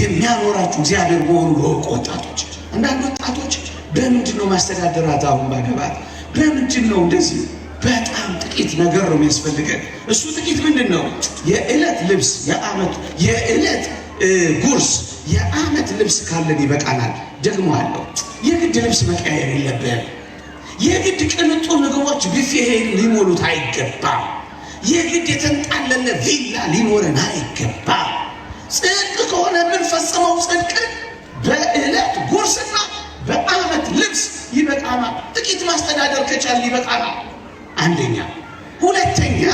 የሚያኖራችሁ እግዚአብሔር በሆኑ በወቅ ወጣቶች አንዳንድ ወጣቶች በምንድን ነው ማስተዳደራት? አሁን ባገባት በምንድን ነው እንደዚህ? በጣም ጥቂት ነገር ነው የሚያስፈልገን። እሱ ጥቂት ምንድን ነው? የዕለት ልብስ የዓመት የዕለት ጉርስ የዓመት ልብስ ካለን ይበቃናል። ደግሞ አለው የግድ ልብስ መቀያየር የለብህም። የግድ ቅንጡ ምግቦች ብፌሄን ሊሞሉት አይገባም። የግድ የተንጣለለ ቪላ ሊኖረን አይገባም። ጽድቅ ከሆነ የምንፈጽመው ጽድቅን በዕለት ጉርስና በዓመት ልብስ ይበቃናል። ጥቂት ማስተዳደር ከቻል ይበቃናል። አንደኛ። ሁለተኛ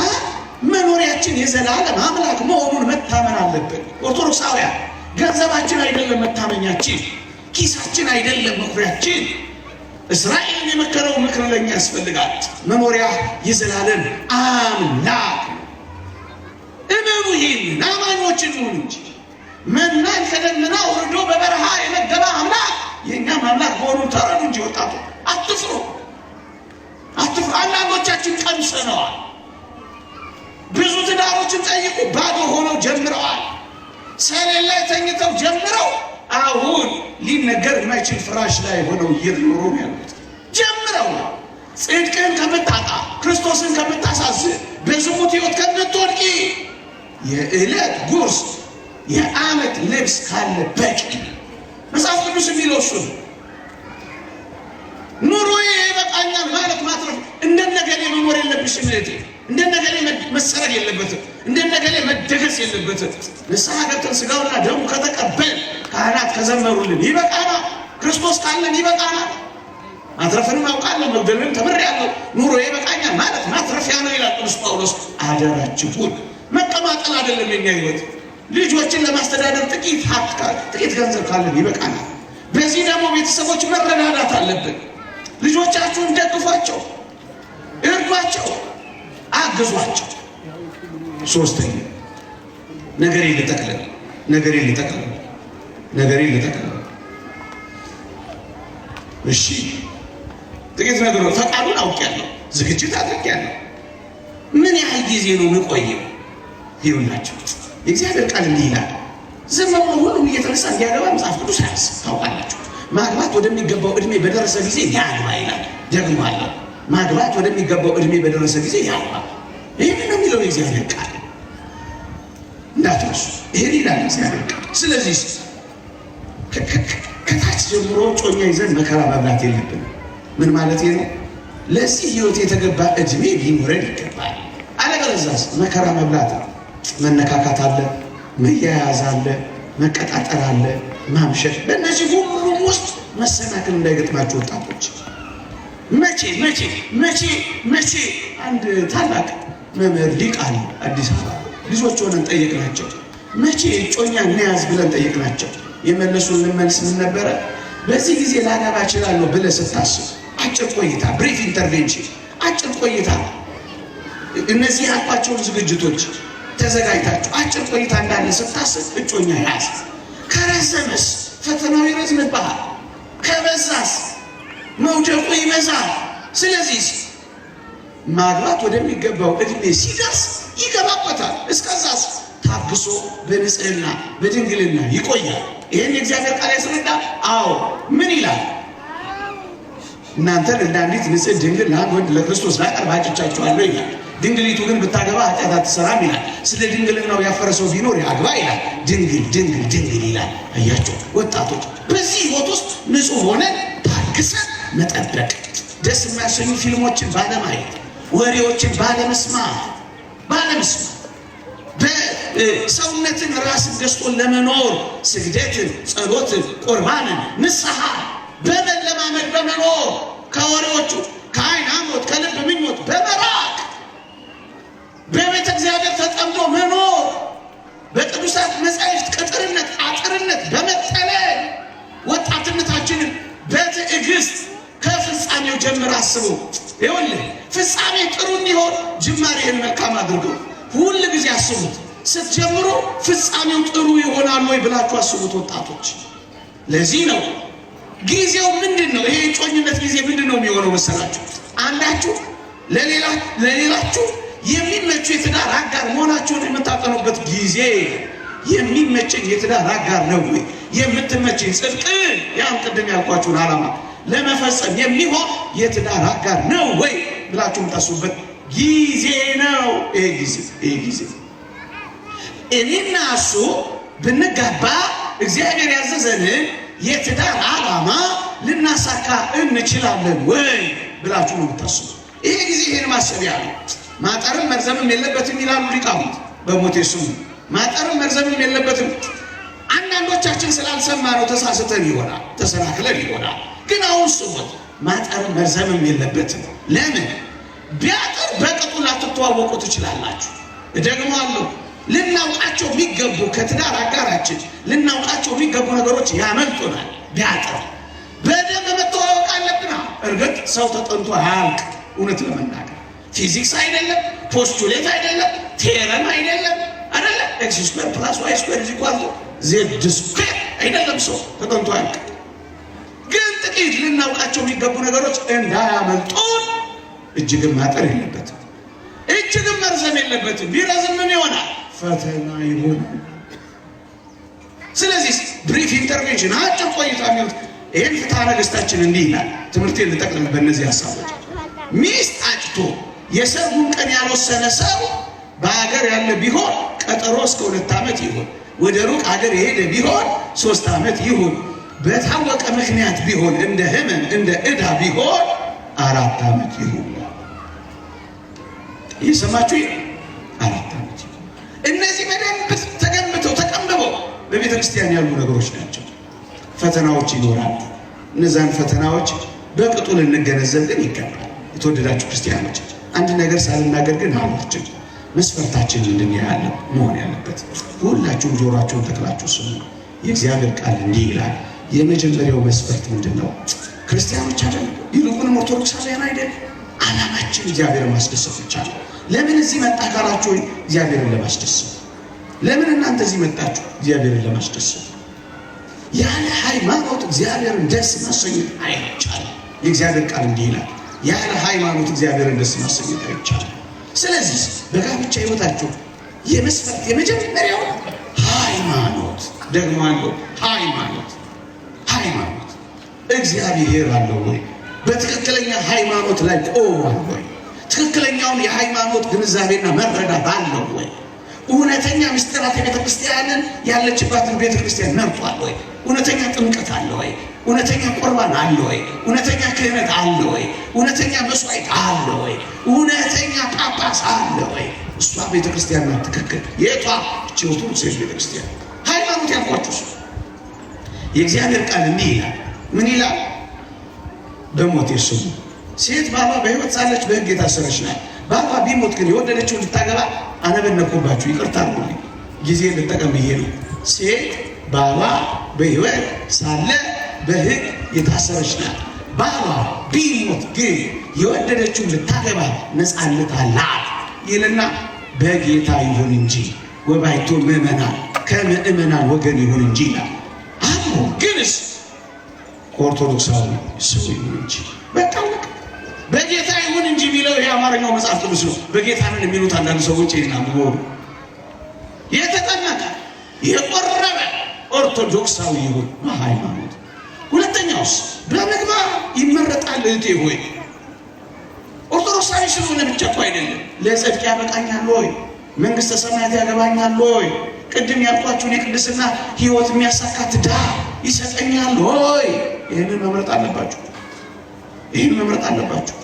መኖሪያችን የዘላለም አምላክ መሆኑን መታመን አለብን። ኦርቶዶክሳውያን ገንዘባችን አይደለም መታመኛችን፣ ኪሳችን አይደለም መኩሪያችን። እስራኤል የመከረው ምክር ለኛ ያስፈልጋል። መኖሪያ የዘላለም አምላክ እመኑ። ይህን አማኞችን እንሁን እንጂ መናን ከደመና ወርዶ በበረሃ የመገባ አምላክ የእኛም አምላክ መሆኑን ተረዱ እንጂ ወጣቱ አትፍሩ፣ አትፍሩ። አንዳንዶቻችን ቀምሰነዋል። ብዙ ትዳሮችን ጠይቁ፣ ባዶ ሆነው ጀምረዋል። ሰሌን ላይ ተኝተው ጀምረው አሁን ሊነገር የማይችል ፍራሽ ላይ ሆነው እየኖሩ ነው ያሉት። ጀምረው ጽድቅን ከምታጣ ክርስቶስን ከምታሳዝ በዝሙት ሕይወት ከምትወድቂ የዕለት ጉርስ የአመት ልብስ ካለ በቂ መጽሐፍ ቅዱስ የሚለው እሱ ኑሮዬ ይበቃኛል ማለት ማትረፍ እንደነገሌ መኖር የለብሽም እህቴ። እንደነገሌ መሰረት የለበትም። እንደነገሌ መደገስ የለበትም። ንስሐ ገብተን ስጋውና ደሙ ከተቀበል ካህናት ከዘመሩልን ይበቃና ክርስቶስ ካለን ይበቃና ማትረፍን አውቃለሁ፣ መግደልን ተምሬያለሁ፣ ኑሮ ይበቃኛል ማለት ማትረፊያ ነው ይላል ቅዱስ ጳውሎስ። አደራችሁን መቀማጠል አይደለም የኛ ህይወት ልጆችን ለማስተዳደር ጥቂት ሀብት ካለ ጥቂት ገንዘብ ካለን ይበቃናል። በዚህ ደግሞ ቤተሰቦች መረዳዳት አለብን። ልጆቻችሁን ደግፏቸው፣ እርዷቸው፣ አግዟቸው። ሶስተኛ ነገሬ ልጠቅልል፣ ነገሬ ልጠቅልል፣ ነገሬ ልጠቅልል። እሺ ጥቂት ነገሮ ፈቃዱን አውቄያለሁ፣ ዝግጅት አድርጌያለሁ። ምን ያህል ጊዜ ነው የምቆየው? ይሁናቸው የእግዚአብሔር ቃል እንዲህ ይላል። ዘመኑ ሁሉ እየተነሳ እንዲያገባ መጽሐፍ ቅዱስ ያስ ታውቃላችሁ። ማግባት ወደሚገባው እድሜ በደረሰ ጊዜ ያግባ ይላል። ደግሞ አለ ማግባት ወደሚገባው እድሜ በደረሰ ጊዜ ያግባ። ይህን ነው የሚለው የእግዚአብሔር ቃል እንዳትረሱ። ይህን ይላል እግዚአብሔር ቃል። ስለዚህ ከታች ጀምሮ ጮኛ ይዘን መከራ መብላት የለብን። ምን ማለት ነው? ለዚህ ህይወት የተገባ እድሜ ሊኖረን ይገባል። አለበለዚያ መከራ መብላት ነው መነካካት አለ፣ መያያዝ አለ፣ መቀጣጠር አለ፣ ማምሸት። በእነዚህ ሁሉም ውስጥ መሰናክል እንዳይገጥማቸው ወጣቶች መቼ መቼ መቼ መቼ አንድ ታላቅ መምህር ሊቅ አለ አዲስ አበባ ልጆች ሆነን ጠየቅናቸው። መቼ እጮኛ እንያዝ ብለን ጠየቅናቸው። የመለሱልን መልስ ምን ነበረ? በዚህ ጊዜ ላገባ እችላለሁ ብለህ ስታስብ አጭር ቆይታ ብሪፍ ኢንተርቬንሽን፣ አጭር ቆይታ እነዚህ ያልኳቸውን ዝግጅቶች ተዘጋጅታችሁ አጭር ቆይታ እንዳለ ስታስብ እጮኛ ያዝ። ከረዘመስ ፈተናው ይረዝምብሃል። ከበዛስ መውደቁ ይበዛል። ስለዚህ ማግባት ወደሚገባው እድሜ ሲደርስ ይገባበታል። እስከዛስ ታግሶ በንጽህና በድንግልና ይቆያል። ይህን የእግዚአብሔር ቃል ያስረዳ። አዎ ምን ይላል? እናንተን እንደ አንዲት ንጽሕት ድንግል ለአንድ ወንድ ለክርስቶስ ላይ ቀርባጭቻችኋለሁ ይላል። ድንግሊቱ ግን ብታገባ ኃጢአት አትሰራም ይላል። ስለ ድንግልናው ያፈረ ቢኖር ያግባ ይላል። ድንግል ድንግል ድንግል ይላል። አያቸው ወጣቶች፣ በዚህ ህይወት ውስጥ ንጹህ ሆነ ታግሰ መጠበቅ፣ ደስ የማያሰኙ ፊልሞችን ባለማየት፣ ወሬዎችን ባለመስማ ባለመስማ በሰውነትን ራስን ገዝቶ ለመኖር ስግደትን፣ ጸሎትን፣ ቁርባንን፣ ንስሐ በመለማመድ በመኖር ከወሬዎቹ ከአይን አሞት ከልብ ምኞት በመራቅ በቤተ እግዚአብሔር ተጠምዶ መኖር በቅዱሳት መጻሕፍት ቅጥርነት፣ አጥርነት በመጠለል ወጣትነታችንን በትዕግስት ከፍጻሜው ጀምር አስቡ። ይኸውልህ ፍጻሜ ጥሩ እንዲሆን ጅማሬህን መልካም አድርገው። ሁል ጊዜ አስቡት። ስትጀምሩ ፍጻሜው ጥሩ ይሆናል ወይ ብላችሁ አስቡት ወጣቶች። ለዚህ ነው ጊዜው ምንድን ነው? ይሄ የጮኝነት ጊዜ ምንድን ነው የሚሆነው መሰላችሁ? አንዳችሁ ለሌላችሁ የሚመቹ የትዳር አጋር መሆናቸውን የምታጠኑበት ጊዜ የሚመቸኝ የትዳር አጋር ነው ወይ? የምትመቸኝ ጽድቅ ያን ቅድም ያልኳችሁን ዓላማ ለመፈጸም የሚሆን የትዳር አጋር ነው ወይ ብላችሁ የምታስቡበት ጊዜ ነው። ይሄ ጊዜ ይሄ ጊዜ እኔና እሱ ብንጋባ እግዚአብሔር ያዘዘንን የትዳር ዓላማ ልናሳካ እንችላለን ወይ ብላችሁ ነው የምታስቡ። ይሄ ጊዜ ይሄን ማሰቢያ ነው። ማጠርም መርዘምም የለበትም ይላሉ ሊቃውንት በሞቴ ስሙ። ማጠርም መርዘምም የለበትም። አንዳንዶቻችን ስላልሰማ ነው ተሳስተን ይሆናል ተሰናክለን ይሆናል። ግን አሁን ስሙት፣ ማጠርም መርዘምም የለበትም። ለምን ቢያጠር በቅጡ ላትተዋወቁ ትችላላችሁ። ደግሞ አለው ልናውቃቸው የሚገቡ ከትዳር አጋራችን ልናውቃቸው የሚገቡ ነገሮች ያመልጡናል። ቢያጠር በደንብ መተዋወቅ አለብና። እርግጥ ሰው ተጠንቶ አያልቅ እውነት ለመናገር ፊዚክስ አይደለም፣ ፖስቱሌት አይደለም፣ ቴረም አይደለም፣ አለ ኤክስ ስኩዌር ፕላስ ዋይ ስኩር ዚኳል ዜድ ስኩዌር አይደለም። ሰው ተጠንቶ አያልቅ። ግን ጥቂት ልናውቃቸው የሚገቡ ነገሮች እንዳያመልጡን እጅግን ማጠር የለበትም፣ እጅግን መርዘም የለበትም። ቢረዝምም ይሆናል ፈተና ይሆናል። ስለዚህ ብሪፍ ኢንተርቬንሽን አጭር ቆይታ ሚሆን ይህን ፍትሐ ነገሥታችን እንዲህ ይላል። ትምህርቴን ልጠቅልል በእነዚህ ሀሳቦች ሚስት አጭቶ የሰርጉን ቀን ያልወሰነ ሰው በሀገር ያለ ቢሆን ቀጠሮ እስከ ሁለት ዓመት ይሁን፣ ወደ ሩቅ ሀገር የሄደ ቢሆን ሶስት ዓመት ይሁን፣ በታወቀ ምክንያት ቢሆን እንደ ህመም እንደ እዳ ቢሆን አራት ዓመት ይሁን። እየሰማችሁ አራት ዓመት ይሁን። እነዚህ በደንብ ተገምተው ተቀምበው በቤተ ክርስቲያን ያሉ ነገሮች ናቸው። ፈተናዎች ይኖራሉ። እነዛን ፈተናዎች በቅጡ ልንገነዘብ ግን ይገባል። የተወደዳችሁ ክርስቲያኖች አንድ ነገር ሳልናገር ግን አሏችን መስፈርታችን እንድንያለ መሆን ያለበት ሁላችሁም ጆሯቸውን ተክላችሁ ስሙ። የእግዚአብሔር ቃል እንዲህ ይላል። የመጀመሪያው መስፈርት ምንድን ነው? ክርስቲያኖች አይደለም፣ ይልቁንም ኦርቶዶክሳውያን አይደል? አላማችን እግዚአብሔር ማስደሰት ብቻ ነው። ለምን እዚህ መጣ ካላችሁ እግዚአብሔርን ለማስደሰት። ለምን እናንተ እዚህ መጣችሁ? እግዚአብሔርን ለማስደሰት። ያለ ሃይማኖት እግዚአብሔርን ደስ ማሰኘት አይቻልም። የእግዚአብሔር ቃል እንዲህ ይላል ያለ ሃይማኖት እግዚአብሔርን ደስ ማሰኘት አይቻልም። ስለዚህ በጋብቻ ህይወታችሁ የመስፈርት የመጀመሪያው ሃይማኖት ደግሞ አለው ሃይማኖት ሃይማኖት እግዚአብሔር አለው ወይ? በትክክለኛ ሃይማኖት ላይ ቆሟል ወይ? ትክክለኛውን የሃይማኖት ግንዛቤና መረዳት አለው ወይ? እውነተኛ ምስጢራት ክርስቲያንን ያለችባትን ቤተክርስቲያን መርጧል ወይ? እውነተኛ ጥምቀት አለ ወይ? እውነተኛ ቁርባን አለ ወይ? እውነተኛ ክህነት አለ ወይ? እውነተኛ መስዋዕት አለ ወይ? እውነተኛ ጳጳስ አለ ወይ? እሷ ቤተክርስቲያን ናት ትክክል። የቷ? እቺ ኦርቶዶክስ ክርስቲያን ሃይማኖት ያቋጭሱ። የእግዚአብሔር ቃል እንዲህ ይላል። ምን ይላል? በሞት የስሙ ሴት ባሏ በህይወት ሳለች በህግ የታሰረች ናት። ባሏ ቢሞት ግን የወደደችው ልታገባ አነበነኩባችሁ፣ ይቅርታ ጊዜ ልጠቀም ብዬ ነው። ሴት ባሏ በህይወት ሳለ በህግ የታሰረች ናት። ባሏ ቢሞት ግን የወደደችው ልታገባ ነፃነት አላት ይልና በጌታ ይሁን እንጂ ወባይቶ ምዕመናን ከምዕመናን ወገን ይሁን እንጂ ይላል። አሁ ግንስ ኦርቶዶክሳዊ ሰው ይሁን እንጂ የአማርኛው መጽሐፍ ቅዱስ ነው። በጌታ በጌታንን የሚሉት አንዳንድ ሰዎች ይህን አንብቦ የተጠመቀ የቆረበ ኦርቶዶክሳዊ ይሁን በሃይማኖት ሁለተኛውስ በምግባር ይመረጣል። እህቴ ሆይ ኦርቶዶክሳዊ ስለሆነ ብቻ እኮ አይደለም። ለጽድቅ ያበቃኛል ሆይ መንግሥተ ሰማያት ያገባኛል ሆይ ቅድም ያልኳችሁን የቅድስና ህይወት የሚያሳካት ዳር ይሰጠኛል ሆይ ይህንን መምረጥ አለባችሁ። ይህን መምረጥ አለባችሁ።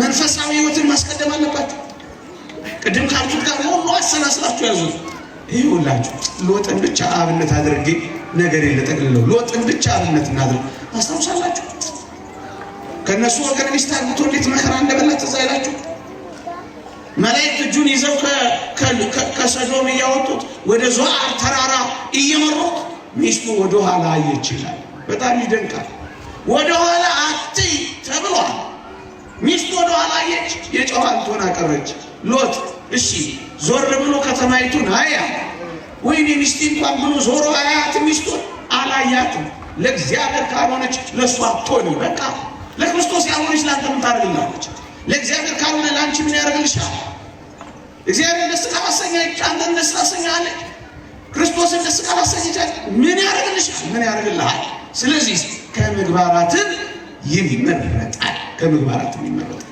መንፈሳዊ ህይወትን ማስቀደም አለባቸው። ቅድም ካልኩት ጋር ሁሉ አሰላስላችሁ ይህ ሁላችሁ ሎጥን ብቻ አብነት አድርጌ ነገር የለጠቅልለው ሎጥን ብቻ አብነት እናድርግ። አስታውሳላችሁ ከእነሱ ወገን ሚስት አግብቶ እንዴት መከራ እንደበላት ትዝ አይላችሁ? መላእክት እጁን ይዘው ከሰዶም እያወጡት ወደ ዞአር ተራራ እየመሩት ሚስቱ ወደኋላ አየች ይላል። በጣም ይደንቃል። ወደኋላ ሚስት ወደ ኋላ አየች፣ የጨው ሀብቷን አቀረች። ሎት እሺ ዞር ብሎ ከተማይቱን አያ፣ ወይኔ ሚስቴ እንኳን ብሎ ዞሮ አያት ሚስቱን አላያትም። ለእግዚአብሔር ካልሆነች ለእሱ አትሆንም። በቃ ለክርስቶስ ያልሆነች ለአንተ ምን ታደርግልሃለች? ለእግዚአብሔር ካልሆነ ለአንቺ ምን ያደርግልሻል? እግዚአብሔር ደስ ካላሰኘች አንተን ደስ ታሰኛለች። ክርስቶስን ደስ ካላሰኘቻት ምን ያደርግልሻል? ምን ያደርግልሃል? ስለዚህ ከምግባራትን ይመረጣል። ከምግባራት የሚመረጡ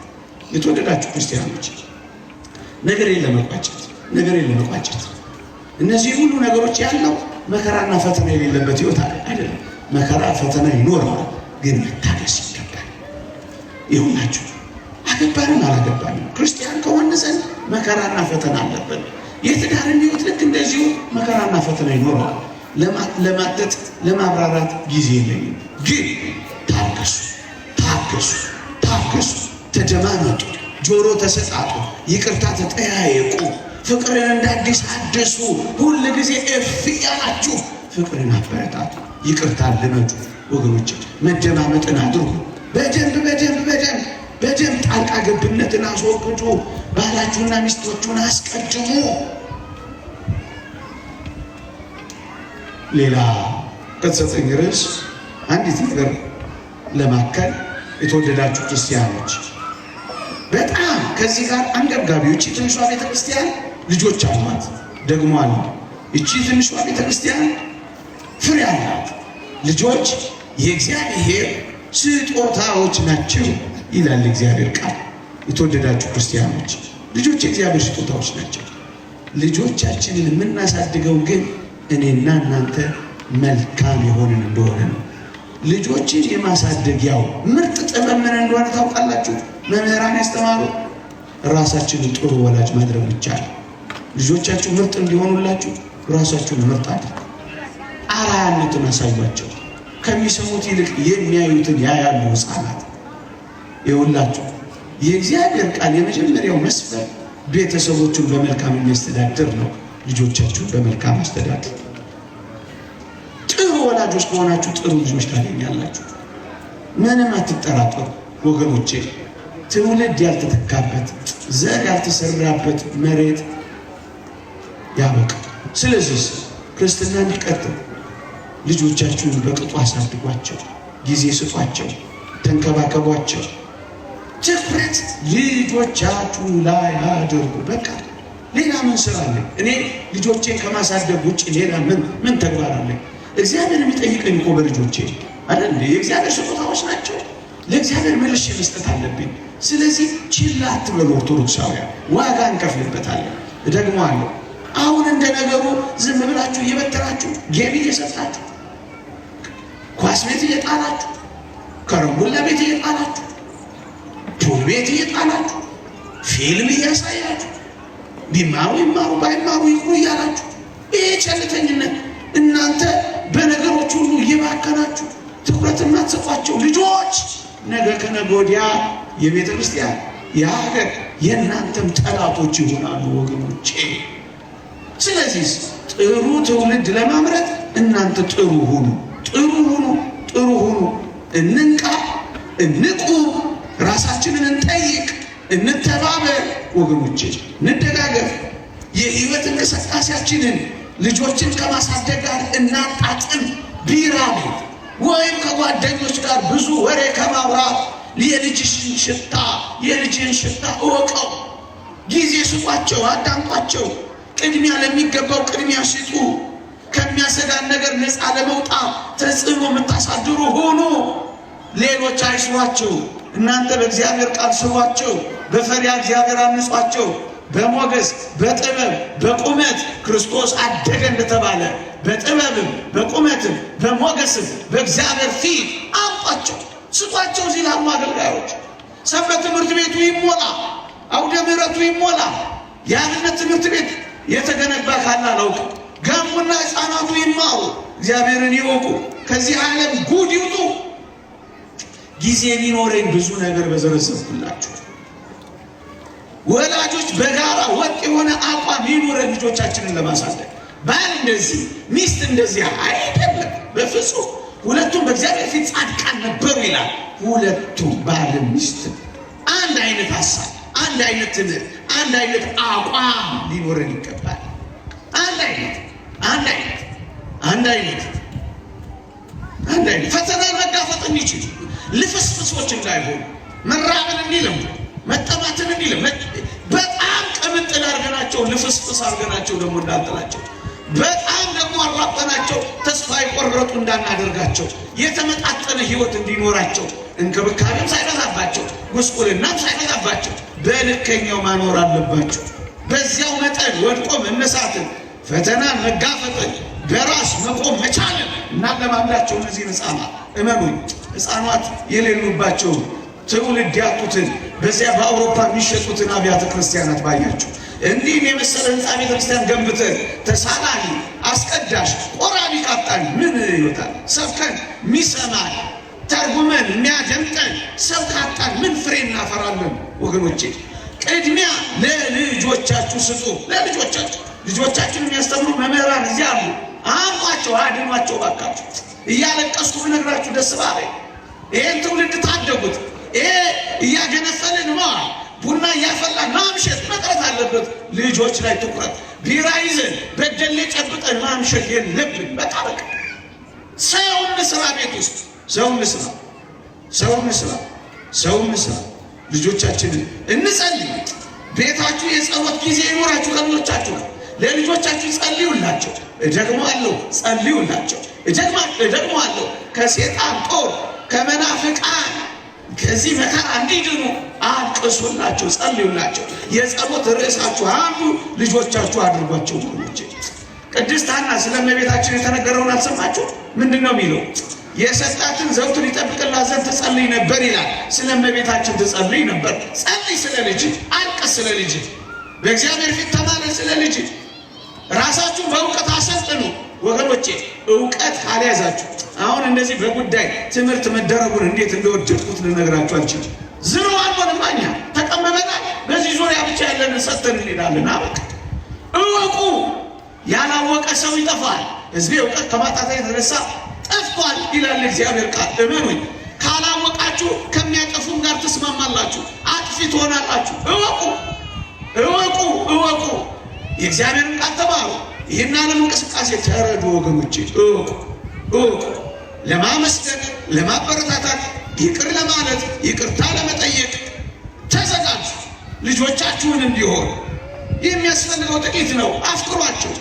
የተወደዳችሁ ክርስቲያኖች ነገሬን ለመቋጨት ነገሬን ለመቋጨት እነዚህ ሁሉ ነገሮች ያለው መከራና ፈተና የሌለበት ህይወት አይደለም። መከራ ፈተና ይኖረዋል፣ ግን መታገስ ይገባል። ይሁናችሁ አገባንም አላገባንም ክርስቲያን ከሆነ ዘንድ መከራና ፈተና አለብን። የትዳርን ህይወት ልክ እንደዚሁ መከራና ፈተና ይኖረዋል። ለማጠጥ ለማብራራት ጊዜ የለኝም፣ ግን ታገሱ ታገሱ ታገሱ፣ ተደማመጡ፣ ጆሮ ተሰጣጡ፣ ይቅርታ ተጠያየቁ፣ ፍቅርን እንደ አዲስ አደሱ። ሁል ጊዜ እፍ እያላችሁ ፍቅርን አበረታቱ፣ ይቅርታ ልመጡ። ወገኖች መደማመጥን አድርጉ። በደንብ በደንብ በደንብ በደንብ ጣልቃ ገብነትን አስወግዱ። ባላችሁና ሚስቶቹን አስቀድሙ። ሌላ ከተሰጠኝ ርዕስ አንዲት ነገር ለማከል የተወደዳችሁ ክርስቲያኖች በጣም ከዚህ ጋር አንገብጋቢ እቺ ትንሿ ቤተክርስቲያን ልጆች አሏት፣ ደግሞ አለ እቺ ትንሿ ቤተክርስቲያን ፍሬ አላት። ልጆች የእግዚአብሔር ስጦታዎች ናቸው ይላል እግዚአብሔር ቃል። የተወደዳችሁ ክርስቲያኖች ልጆች የእግዚአብሔር ስጦታዎች ናቸው። ልጆቻችንን የምናሳድገው ግን እኔና እናንተ መልካም የሆንን እንደሆነ ነው። ልጆችን የማሳደጊያው ምርጥ ጥበብ ምን እንደሆነ ታውቃላችሁ? መምህራን ያስተማሩ ራሳችንን ጥሩ ወላጅ ማድረግ ይቻላል። ልጆቻችሁ ምርጥ እንዲሆኑላችሁ ራሳችሁን ምርጥ አድርጉ። አርአያነትን አሳያቸው ከሚሰሙት ይልቅ የሚያዩትን ያያሉ ህፃናት ይሁላችሁ። የእግዚአብሔር ቃል የመጀመሪያው መስፈር ቤተሰቦቹን በመልካም የሚያስተዳድር ነው። ልጆቻችሁን በመልካም አስተዳድር። ወላጆች ከሆናችሁ ጥሩ ልጆች ታገኛላችሁ። ምንም አትጠራጠሩ ወገኖቼ። ትውልድ ያልተተካበት ዘር ያልተሰራበት መሬት ያበቃል። ስለዚህ ክርስትና እንዲቀጥል ልጆቻችሁን በቅጡ አሳድጓቸው፣ ጊዜ ስጧቸው፣ ተንከባከቧቸው። ትኩረት ልጆቻችሁ ላይ አድርጉ። በቃ ሌላ ምን ስራ አለ? እኔ ልጆቼ ከማሳደግ ውጭ ሌላ ምን ምን ተግባር አለኝ? እግዚአብሔር የሚጠይቀኝ እኮ በልጆቼ አይደል? የእግዚአብሔር ስጦታዎች ናቸው። ለእግዚአብሔር መልሼ መስጠት አለብኝ። ስለዚህ ችላ አትበሉ ኦርቶዶክሳውያን፣ ዋጋ እንከፍልበታለን። ደግሞ አለው አሁን እንደ ነገሩ ዝም ብላችሁ እየበተናችሁ ጌም እየሰጣችሁ ኳስ ቤት እየጣላችሁ ከረንቡላ ቤት እየጣላችሁ ፑል ቤት እየጣላችሁ ፊልም እያሳያችሁ ቢማሩ ይማሩ ባይማሩ ይቁሩ እያላችሁ ይህ ቸልተኝነት እናንተ በነገሮች ሁሉ እየባከናችሁ ትኩረት የማትሰጧቸው ልጆች ነገ ከነገ ወዲያ የቤተ ክርስቲያን የሀገር የእናንተም ጠላቶች ይሆናሉ ወገኖቼ። ስለዚህ ጥሩ ትውልድ ለማምረት እናንተ ጥሩ ሁኑ፣ ጥሩ ሁኑ፣ ጥሩ ሁኑ። እንንቃ፣ እንቁ፣ ራሳችንን እንጠይቅ፣ እንተባበር ወገኖቼ፣ እንደጋገፍ የህይወት እንቅስቃሴያችንን ልጆችን ከማሳደግ ጋር እናጣጥም። ቢራ ቤት ወይም ከጓደኞች ጋር ብዙ ወሬ ከማውራት የልጅሽን ሽታ የልጅን ሽታ እወቀው። ጊዜ ስጧቸው፣ አዳምጧቸው። ቅድሚያ ለሚገባው ቅድሚያ ስጡ። ከሚያሰጋን ነገር ነፃ ለመውጣት ተጽዕኖ የምታሳድሩ ሆኑ። ሌሎች አይስሯቸው። እናንተ በእግዚአብሔር ቃል ስሯቸው፣ በፈሪያ እግዚአብሔር አንጿቸው። በሞገስ በጥበብ በቁመት ክርስቶስ አደገ እንደተባለ በጥበብም በቁመትም በሞገስም በእግዚአብሔር ፊት አምጧቸው፣ ስጧቸው። እዚህ ላሉ አገልጋዮች ሰንበት ትምህርት ቤቱ ይሞላ፣ አውደ ምሕረቱ ይሞላ። የአንድነት ትምህርት ቤት የተገነባ ካላላውቅ ገንቡና ህፃናቱ ይማሩ፣ እግዚአብሔርን ይወቁ፣ ከዚህ ዓለም ጉድ ይውጡ። ጊዜ ቢኖረኝ ብዙ ነገር በዘረዘብኩላችሁ ወላጆች በጋራ ወጥ የሆነ አቋም ይኑረን ልጆቻችንን ለማሳደግ። ባል እንደዚህ ሚስት እንደዚህ አይደለም፣ በፍጹም ሁለቱም በእግዚአብሔር ፊት ጻድቃን ነበሩ ይላል። ሁለቱም ባል ሚስት አንድ አይነት ሀሳብ፣ አንድ አይነት ትምህርት፣ አንድ አይነት አቋም ሊኖረን ይገባል። አንድ አይነት አንድ አይነት አንድ አይነት አንድ አይነት ፈተናን መጋፈጥ የሚችሉ ልፍስፍሶች እንዳይሆኑ መራብን እንዲለምዱ መጠማትን እንዲል በጣም ቅምጥል አድርገናቸው ልፍስፍስ አድርገናቸው ደግሞ እንዳንጥላቸው በጣም ደግሞ አራጠናቸው ተስፋ የቆረጡ እንዳናደርጋቸው የተመጣጠነ ህይወት እንዲኖራቸው እንክብካቤም ሳይበዛባቸው ጉስቁልናም ሳይበዛባቸው በልከኛው ማኖር አለባቸው። በዚያው መጠን ወድቆ መነሳትን፣ ፈተናን መጋፈጥን፣ በራስ መቆም መቻልን እናለማምዳቸው። እነዚህን ህፃናት እመኑኝ፣ ህፃናት የሌሉባቸው ትውልድ ያጡትን በዚያ በአውሮፓ የሚሸጡትን አብያተ ክርስቲያናት ባያቸው እንዲህ የመሰለ ህንፃ ቤተክርስቲያን ገንብተን ተሳላሚ፣ አስቀዳሽ፣ ቆራቢ ካጣን ምን ይወጣል? ሰብከን ሚሰማል ተርጉመን የሚያደምጠን ሰው ካጣን ምን ፍሬ እናፈራለን? ወገኖቼ ቅድሚያ ለልጆቻችሁ ስጡ። ለልጆቻችሁ ልጆቻችሁን የሚያስተምሩ መምህራን እዚህ አሉ። አምጧቸው፣ አድኗቸው ባካችሁ። እያለቀስኩ ብነግራችሁ ደስ ባለ ይህን ትውልድ ታደጉት። ይሄ እያገነሰልን ማ ቡና እያፈላን ማምሸት መቅረት አለበት። ልጆች ላይ ትኩረት ቢራ ይዘን በደሌ ጨብጠን ማምሸት የለብን። በቃ በቃ ሰው እንስራ፣ ቤት ውስጥ ሰው እንስራ፣ ሰው እንስራ፣ ሰው እንስራ። ልጆቻችንን እንጸልይ። ቤታችሁ የጸሎት ጊዜ ይኖራችሁ ከልጆቻችሁ ነው። ለልጆቻችሁ ጸልዩላቸው። ደግሞ ጸልዩላቸው። ደግሞ ከሴጣን ጦር ከመናፍቃን ከዚህ መከራ እንዲድኑ አልቅሱላቸው፣ ጸልዩላቸው። የጸሎት ርዕሳችሁ አንዱ ልጆቻችሁ አድርጓቸው። ሆኖች ቅድስት ሐና ስለ እመቤታችን የተነገረውን አልሰማችሁ? ምንድን ነው የሚለው? የሰጣትን ዘውቱን ይጠብቅላት ዘንድ ትጸልይ ነበር ይላል። ስለ እመቤታችን ትጸልይ ነበር። ጸልይ ስለ ልጅ፣ አልቅስ ስለ ልጅ፣ በእግዚአብሔር ፊት ተማለ ስለ ልጅ። ራሳችሁን በእውቀት አሰልጥኑ ወገኖቼ። እውቀት ካልያዛችሁ አሁን እንደዚህ በጉዳይ ትምህርት መደረጉን እንዴት እንደወደድኩት ልነግራችሁ አልችል። ዝሮ አልሆንማ እኛ ተቀምመናል። በዚህ ዙሪያ ብቻ ያለንን ሰጥተን እንሄዳለን። አበቅ እወቁ። ያላወቀ ሰው ይጠፋል። ሕዝቤ እውቀት ከማጣት የተነሳ ጠፍቷል ይላል እግዚአብሔር ቃል። እመኑኝ፣ ካላወቃችሁ ከሚያጠፉም ጋር ትስማማላችሁ፣ አጥፊ ትሆናላችሁ። እወቁ፣ እወቁ፣ እወቁ። የእግዚአብሔርን ቃል ተማሩ። ይህን ዓለም እንቅስቃሴ ተረዱ ወገኖቼ፣ እወቁ፣ እወቁ። ለማመስገን፣ ለማበረታታት፣ ይቅር ለማለት፣ ይቅርታ ለመጠየቅ ተዘጋጁ። ልጆቻችሁን እንዲሆን የሚያስፈልገው ጥቂት ነው። አፍቅሯቸው፣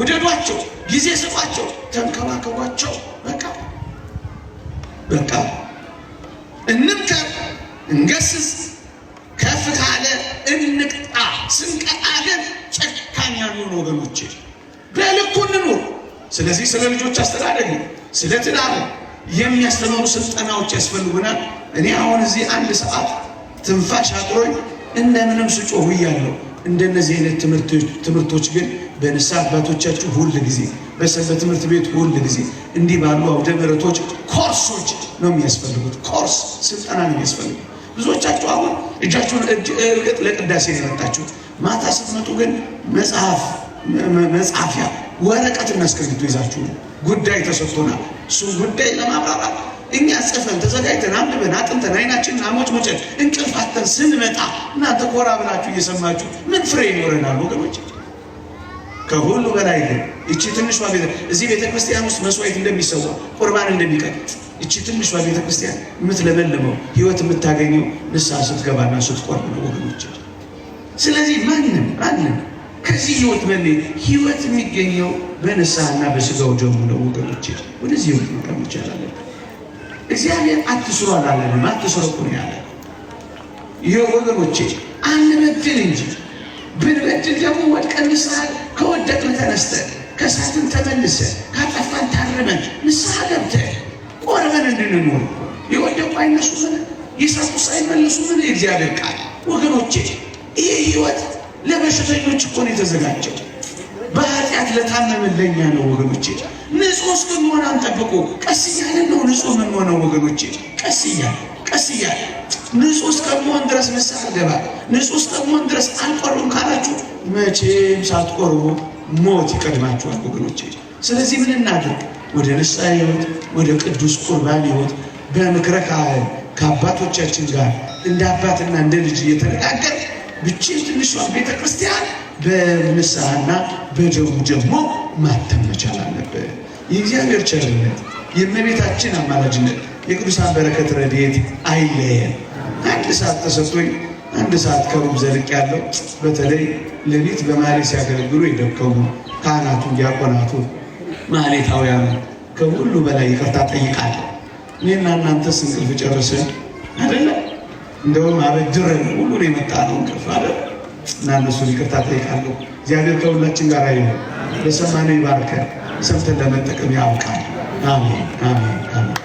ውደዷቸው፣ ጊዜ ስጧቸው፣ ተንከባከቧቸው። በቃ በቃ እንምከር፣ እንገስስ፣ ከፍ ካለ እንቅጣ። ስንቀጣ ግን ጨካኛ እንሆን ወገኖች በልኩ እንኑር። ስለዚህ ስለ ልጆች አስተዳደግ ነው ስለ ትዳር የሚያስተምሩ ስልጠናዎች ያስፈልጉናል። እኔ አሁን እዚህ አንድ ሰዓት ትንፋሽ አጥሮኝ እንደምንም ስጮህ እያለሁ እንደነዚህ አይነት ትምህርቶች ግን በንስሐ አባቶቻችሁ ሁል ጊዜ በሰንበት ትምህርት ቤት ሁል ጊዜ እንዲህ ባሉ አውደ ምሕረቶች ኮርሶች ነው የሚያስፈልጉት። ኮርስ ስልጠና ነው የሚያስፈልጉት። ብዙዎቻችሁ አሁን እጃችሁን እርግጥ ለቅዳሴ ነው የመጣችሁት። ማታ ስትመጡ ግን መጽሐፍ መጻፊያ ወረቀትና እስክሪብቶ ይዛችሁ ነው ጉዳይ ተሰጥቶናል። እሱን ጉዳይ ለማብራራት እኛ ጽፈን ተዘጋጅተን አንብበን አጥንተን አይናችንን አሞጭ ሙጨን እንቅልፍ አጥተን ስንመጣ እናንተ ኮራ ብላችሁ እየሰማችሁ ምን ፍሬ ይኖረናል ወገኖች? ከሁሉ በላይ ግን እቺ ትንሿ ቤተ እዚህ ቤተ ክርስቲያን ውስጥ መስዋዕት እንደሚሰዋ ቁርባን እንደሚቀጥ እቺ ትንሿ ቤተ ክርስቲያን የምትለመልመው ህይወት የምታገኘው ንስሐ ስትገባና ስትቆርብ ነው ወገኖች። ስለዚህ ማንም ማንም ከዚህ ህይወት ህይወት የሚገኘው በንስሐና በስጋው ደሙ ነው ወገኖች። ወደዚህ ህይወት መቅረብ እግዚአብሔር አትስሩ አላለንም። አትስሩ እኮ ነው ያለ። ይሄ ወገኖቼ አንበድል እንጂ ብንበድል ደግሞ ወድቀን ንስሐ ከወደቅን ተነስተን ከእሳትን ተመልሰን ካጠፋን ታርመን ንስሐ ገብተን ቆርበን እንድንኖር የወደቁ የእግዚአብሔር ቃል ወገኖቼ ይህ ህይወት ለበሽተኞች እኮ ነው የተዘጋጀው። በኃጢአት ለታመመን ነው ወገኖቼ። ንጹህ እስክንሆን አንጠብቁ። ቀስ እያለ ነው ንጹህ የምንሆነው ወገኖቼ። ቀስ እያለ ቀስ እያለ ንጹህ እስከመሆን ድረስ ንስሐ ገባ። ንጹህ እስከመሆን ድረስ አልቆርብም ካላችሁ መቼም ሳትቆርቡ ሞት ይቀድማችኋል ወገኖቼ። ስለዚህ ምን እናድርግ? ወደ ንስሐ ሕይወት፣ ወደ ቅዱስ ቁርባን ሕይወት በምክረ ካህን ከአባቶቻችን ጋር እንደ አባትና እንደ ልጅ እየተነጋገር ብችን ትንሿ ቤተክርስቲያን በንስሐና በደሙ ደግሞ ማተም መቻል አለበት። የእግዚአብሔር ቸርነት፣ የእመቤታችን አማላጅነት፣ የቅዱሳን በረከት ረድኤት አይለየን። አንድ ሰዓት ተሰጥቶኝ አንድ ሰዓት ከሩብ ዘልቅ ያለው በተለይ ሌሊት በማሌ ሲያገለግሉ የደከሙ ካህናቱ፣ ዲያቆናቱ፣ ማሌታውያኑ ከሁሉ በላይ ይቅርታ ጠይቃለሁ። እኔና እናንተስ እንቅልፍ ጨርሰን አይደለም እንደውም አረጅረን ሁሉ የመጣ ነው እንቅልፍ አለ እና እነሱን ይቅርታ ጠይቃለሁ። እግዚአብሔር ከሁላችን ጋር ይሁን። የሰማነው ይባርከ ሰምተን ለመጠቀም ያውቃል። አሜን፣ አሜን፣ አሜን።